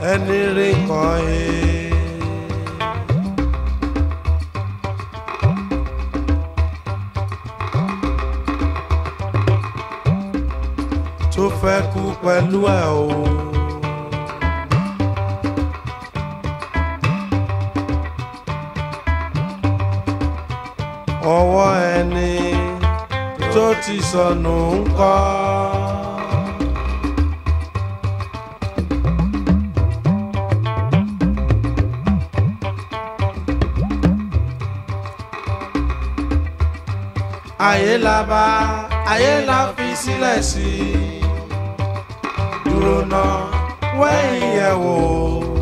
ẹni rí kan yìí. tó fẹ́ kú pẹ̀lú ẹ̀ o. tó ti sọnù ń kọ́. ayé la bá ayé la fi sílẹ̀ sí i dúró náà wẹ́yìn yẹ̀ wò ó.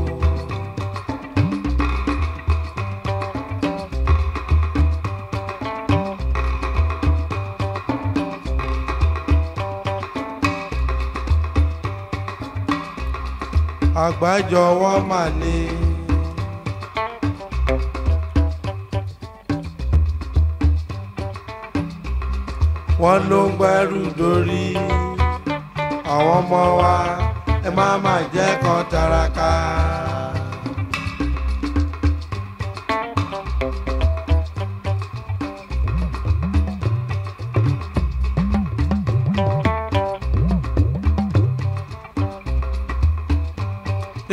wọn mà ní. wọn ló ń gbẹ́rù dórí àwọn ọmọ wa ẹ má má jẹ́ kan tàràkà.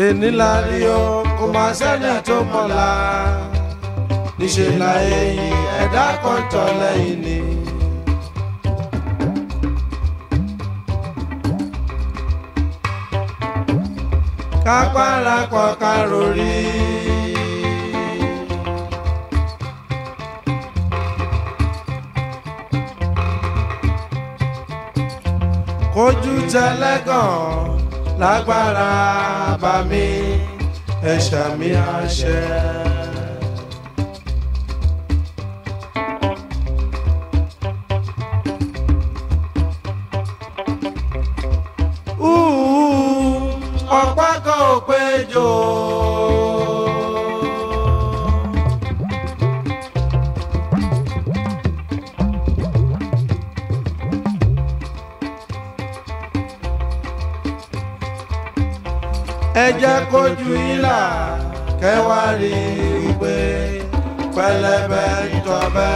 èní la rí o kò máa sẹ́ni tó mọ̀la níṣẹ́ la ẹ̀yìn ẹ̀dá kan tọ̀ lẹ́yìn ni. kápára pọ̀ ká rorí. kojú tẹlẹ́gàn lágbára bá mi ẹ̀ṣà mi àṣẹ. ẹ jẹ́ kójú ìlà kẹwàá rí pẹlẹbẹ ìtọbẹ.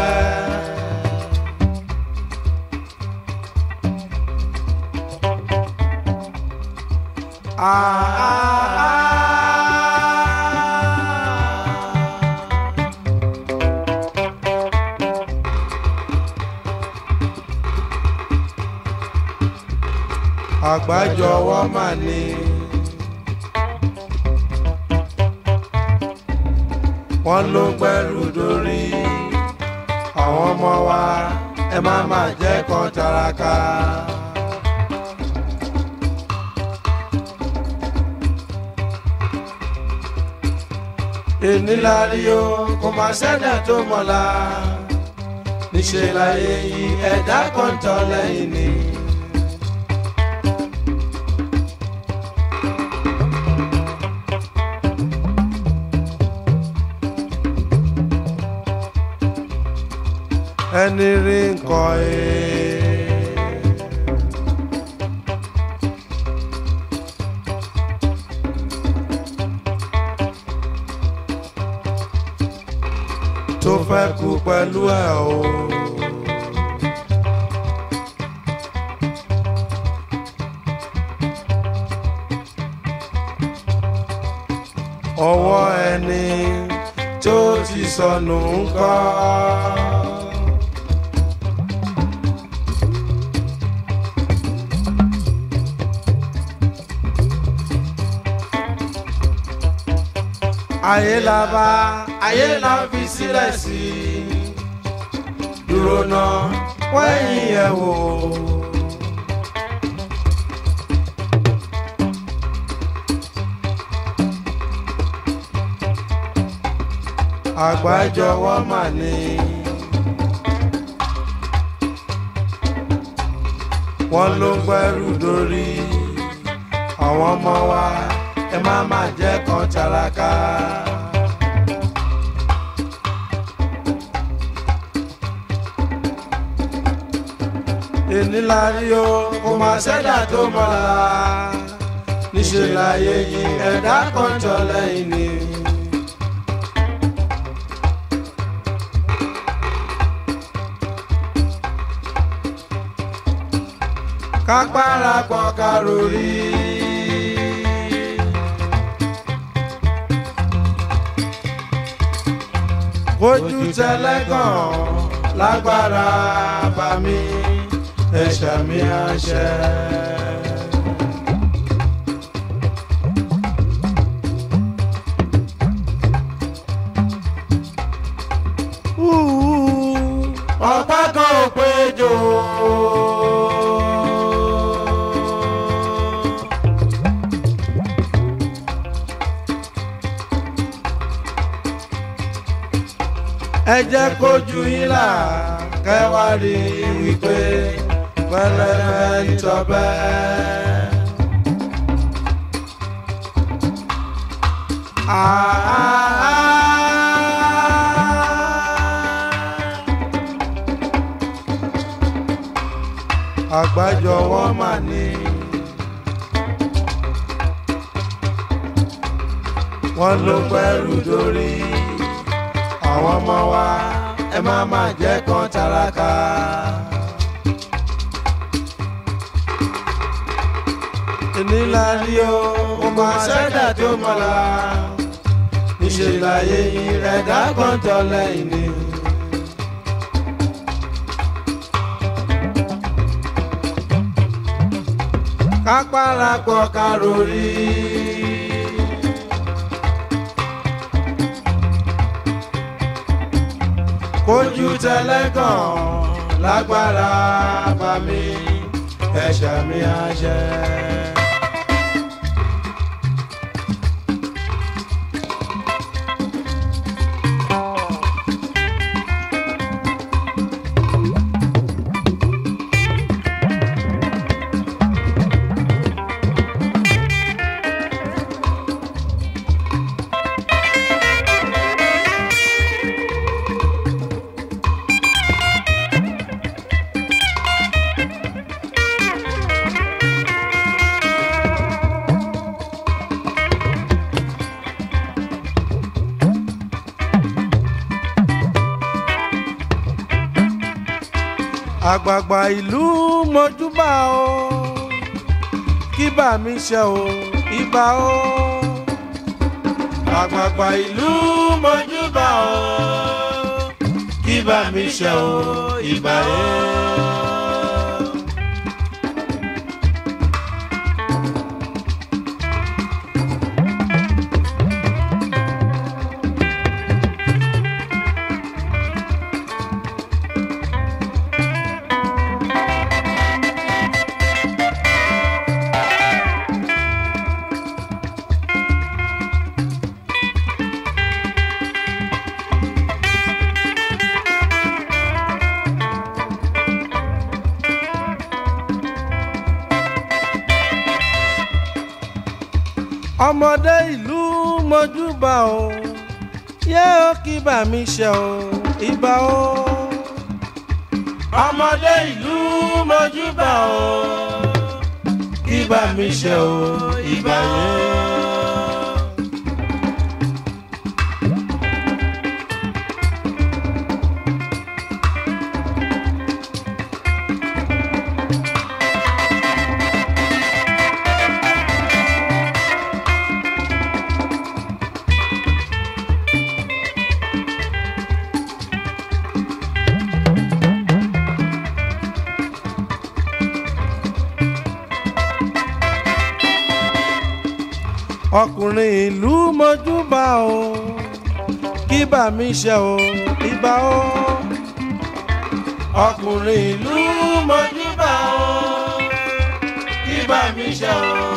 àgbájọ ọwọ́ mà ní. wọ́n ló gbẹ́rù dórí àwọn ọmọ wa ẹ má má jẹ́ kan tàràkà. ìníláàrí o kò má sẹ́dá tó mọ̀la níṣẹ́ láyé yìí ẹ̀dá kan tán lẹ́yìn nìyí. eniri nkoi tó fẹ́ kú pẹ̀lú ẹ̀ o. ayé la bá ayé la fi sílẹ̀ sí dúró náà wẹ́yìn ẹ̀ wò. àgbájọwọ́ mà ní. wọ́n ló gbẹ́rù dórí àwọn ọmọ wa ẹ má má jẹ́ kan tàràkà. èní la rí o kò má sẹ́dá tó mọ́ra níṣẹ́ láyé yìí ẹ̀dá kan jọ lẹ́yìn ni. kápára pọ̀ ká rò rí i. bójú tẹlẹ́gàn lágbára bá mi ẹ̀ṣẹ̀ mi àṣẹ. ọ̀pá kan ò péjọ. ẹ jẹ́ kójú yín là kẹwàá rí wípé pẹlẹbẹ nítọ́bẹ. àgbájọ wọn mà ní. wọ́n ló pẹ́rù dórí àwọn ọmọ wa ẹ má má jẹ́ kán tálákà. ìnílá rí o mo mọ sẹ́dá tó mọ̀lá ìṣèlàyé ìrẹ̀dá kan tọ́lẹ̀ ìní. kápára pọ̀ ká rorí. kójú tẹlẹ́gàn lágbára bá mi ẹ̀ṣẹ̀ mi àṣẹ. àgbààgbà ìlú mojúbà o kíbà mi ṣe o ibà o àgbààgbà ìlú mojúbà o kíbà mi ṣe o ibà o. ọmọdé ìlú mọjúbà o yé ó kí bà mí ṣe o ìbà o. ọmọdé ìlú mọjúbà o kí bà mí ṣe o ìbà yẹn. ọkùnrin ìlú mojúbà o kí bà mí ṣe o ìbà o ọkùnrin ìlú mojúbà o kí bà mí ṣe o.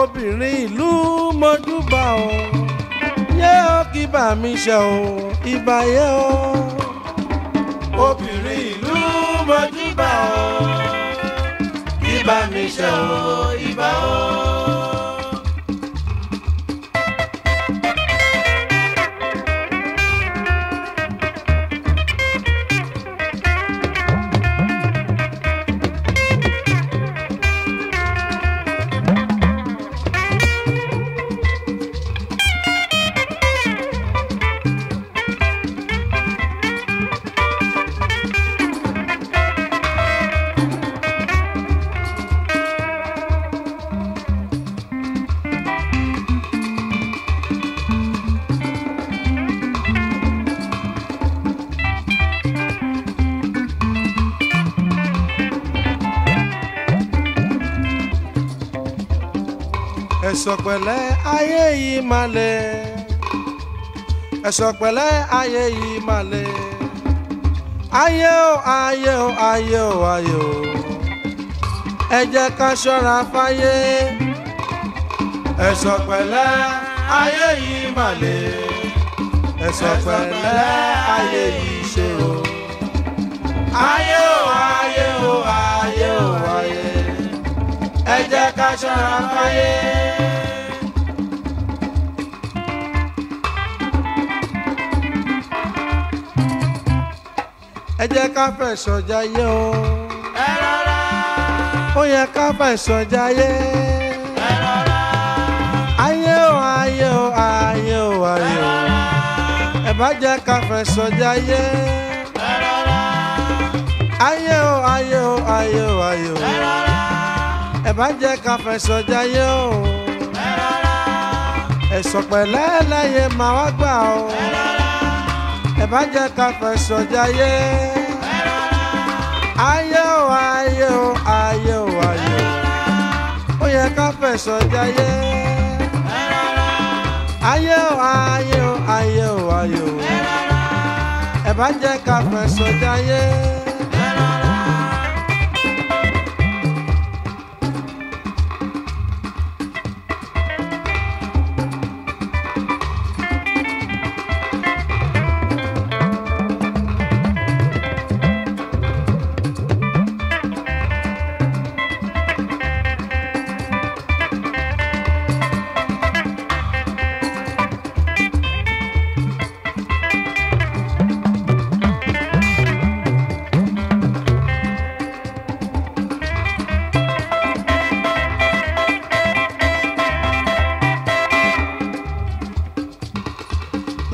obìnrin ìlú mojúbà o yé o kí bà mí ṣe o ìbà yé o. obìnrin ìlú mojúbà o ìbà mí ṣe o ìbà o. ẹ̀sọ̀pẹ̀lẹ́ ayé yìí máa le ẹ̀sọ̀pẹ̀lẹ́ ayé yìí máa le ayé o ayé o ayé o ayé o ẹ jẹ́ ká ṣọ́ra fáyé ẹ̀sọ̀pẹ̀lẹ́ ayé yìí máa le ẹ̀sọ̀pẹ̀lẹ́ ayé yìí ṣe o ayé o ayé o ayé o ayé ẹ jẹ́ ká ṣọ́ra fáyé. ẹ jẹ́ ká fẹ̀sọ̀ jayé o. ẹ rọra. ó yẹ ká fẹ̀sọ̀ jayé. ẹ rọra. ayé o ayé o ayé o ayé o. ẹ bá jẹ́ ká fẹ̀sọ̀ jayé. ẹ rọra. ayé o ayé o ayé o ayé o. ẹ rọra. ẹ bá jẹ́ ká fẹ̀sọ̀ jayé o. ẹ rọra. ẹ̀sọ̀ pẹ̀lẹ́ lẹ́yìn màá wá gbà o. ẹ rọra ẹ bá jẹ́ ká fẹ̀sọ̀ jayé. ayé o ayé o ayé o ayé o ó yẹ ká fẹ̀sọ̀ jayé. ayé o ayé o ayé o ayé o ẹ bá jẹ́ ká fẹ̀sọ̀ jayé.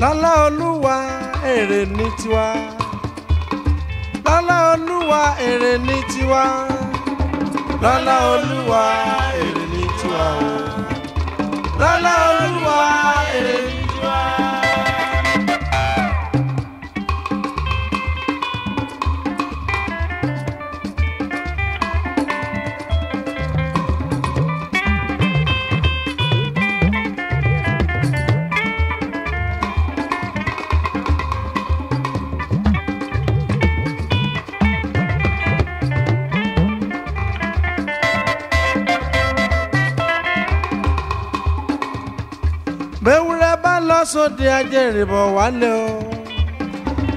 lọ́lá olúwa èrè ní tiwa lọ́lá olúwa èrè ní tiwa lọ́lá olúwa èrè ní tiwa o olúwa èrè ní tiwa. lọ́sọ̀dẹ̀ ajé ìrìbọ̀ wálé o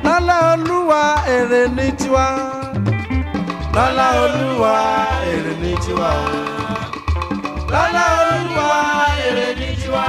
lọ́lá olúwa èrè ní tiwa lọ́lá olúwa èrè ní tiwa o olúwa èrè ní tiwa.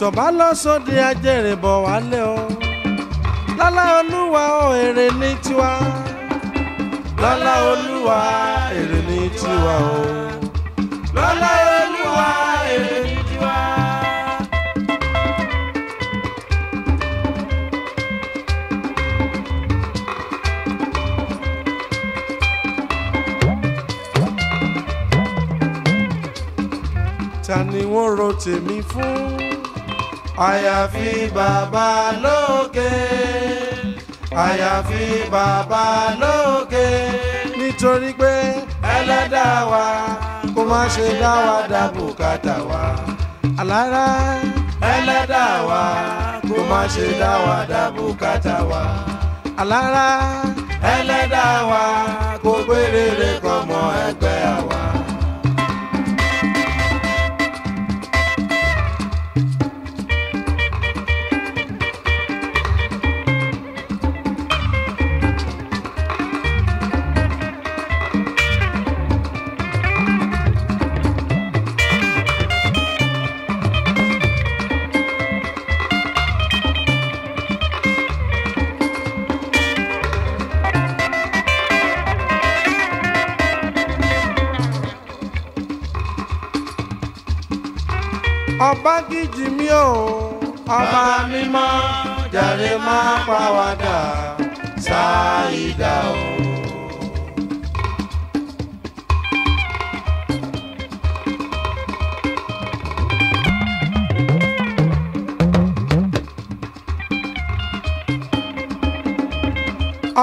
tọ́ba lọ sóde bọ̀ wálé o lọ́lá olúwa o èrè ní tiwa lọ́lá olúwa èrè ní tiwa o lọ́lá olúwa èrè ní tiwa. ta ni wọ́n ro tèmi fún àyàfi bàbá lókè àyàfi bàbá lókè nítorí pé ẹlẹ́dàá wa kó má ṣe dá wa dá bùkátà wa àlárá ẹlẹ́dàá wa kó má ṣe dá wa dá bùkátà wa àlárá ẹlẹ́dàá wa kó gbé rere kọ́ mọ́ ẹgbẹ́. yó ọba mímọ́ jàre má pàwádà ṣáìdá o.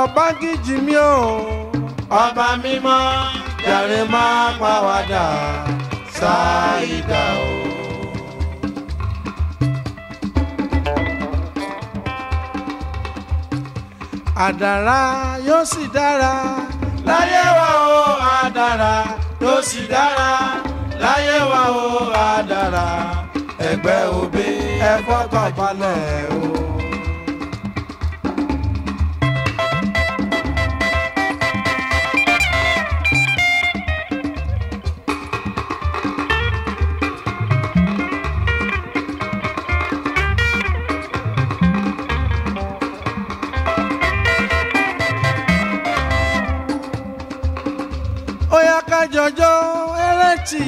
ọbágíjì mi ò ọba mímọ́ jàre má pàwádà ṣáìdá o. àdàrà yóò sì dára láyé wa o àdàrà yóò sì dára láyé wa o àdàrà ẹgbẹ́ òbí ẹ fọkàn balẹ̀ o.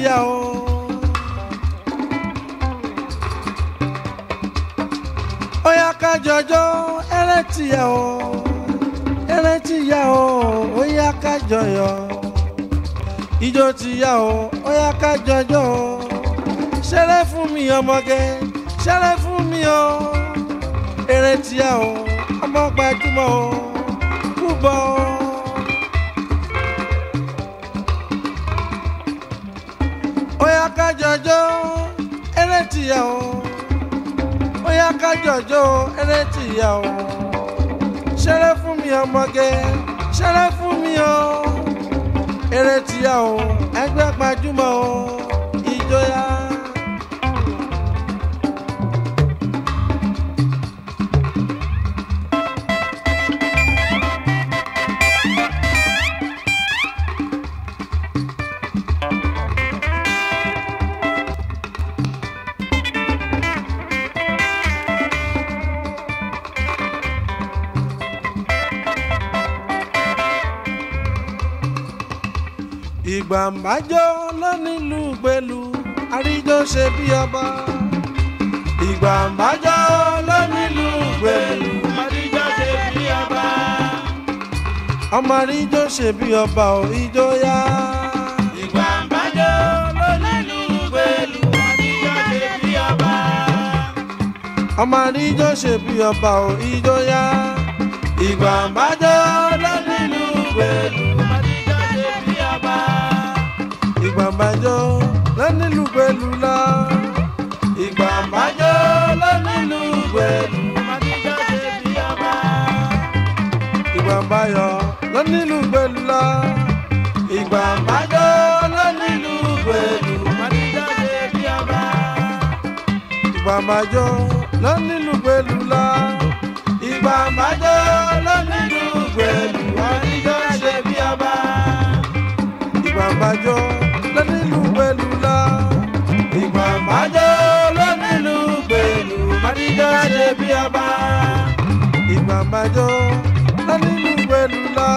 hallelujah o. ó yá ká jọjọ́ ẹlẹ́tìyà o ẹlẹ́tìyà o ó yá ká jọyọ̀ ijó tìyà o oya yá ká jọjọ́ o ṣẹlẹ̀ fún mi ọmọge ṣẹlẹ̀ fún mi o ẹlẹ́tìyà o ọmọ gbajúmọ̀ o kúbọ̀ o. jọjọ eré tìyà o ó yá ká jọjọ eré tìyà o ṣeré fún mi ọmọge ṣeré fún mi o eré tìyà o ẹgbẹ́ gbajúmọ̀ o ìjọyà. àǹbájọ lónílùú pẹ̀lú àríjọ ṣe bí ọba. ìgbà àǹbájọ lónílùú pẹ̀lú àríjọ ṣe bí ọba. ọmọ àríjọ ṣe bí ọba ò ijó yá. ìgbà àǹbájọ lónílùú pẹ̀lú àríjọ ṣe bí ọba. ọmọ àríjọ ṣe bí ọba ò ijó yá. ìgbà àǹbájọ lónílùú pẹ̀lú ìgbàmbájọ́ lẹ́nílùú pẹ̀lú la. ìgbàmbájọ́ lẹ́nílùú pẹ̀lú màdíjà ṣe bí a bá. ìgbàmbáyọ̀ lẹ́nílùú pẹ̀lú la. ìgbàmbájọ́ lẹ́nílùú pẹ̀lú màdíjà ṣe bí a bá. ìgbàmbájọ́ lẹ́nílùú pẹ̀lú la. ìgbàmbájọ́ lẹ́nílùú pẹ̀lú màdíjà ìgbàmbájọ́ lónílù pẹ̀lú lọ. ìgbà májọ lónílù pẹ̀lú mádìjà ṣe bí ọba. ìgbà májọ lónílù pẹ̀lú lọ.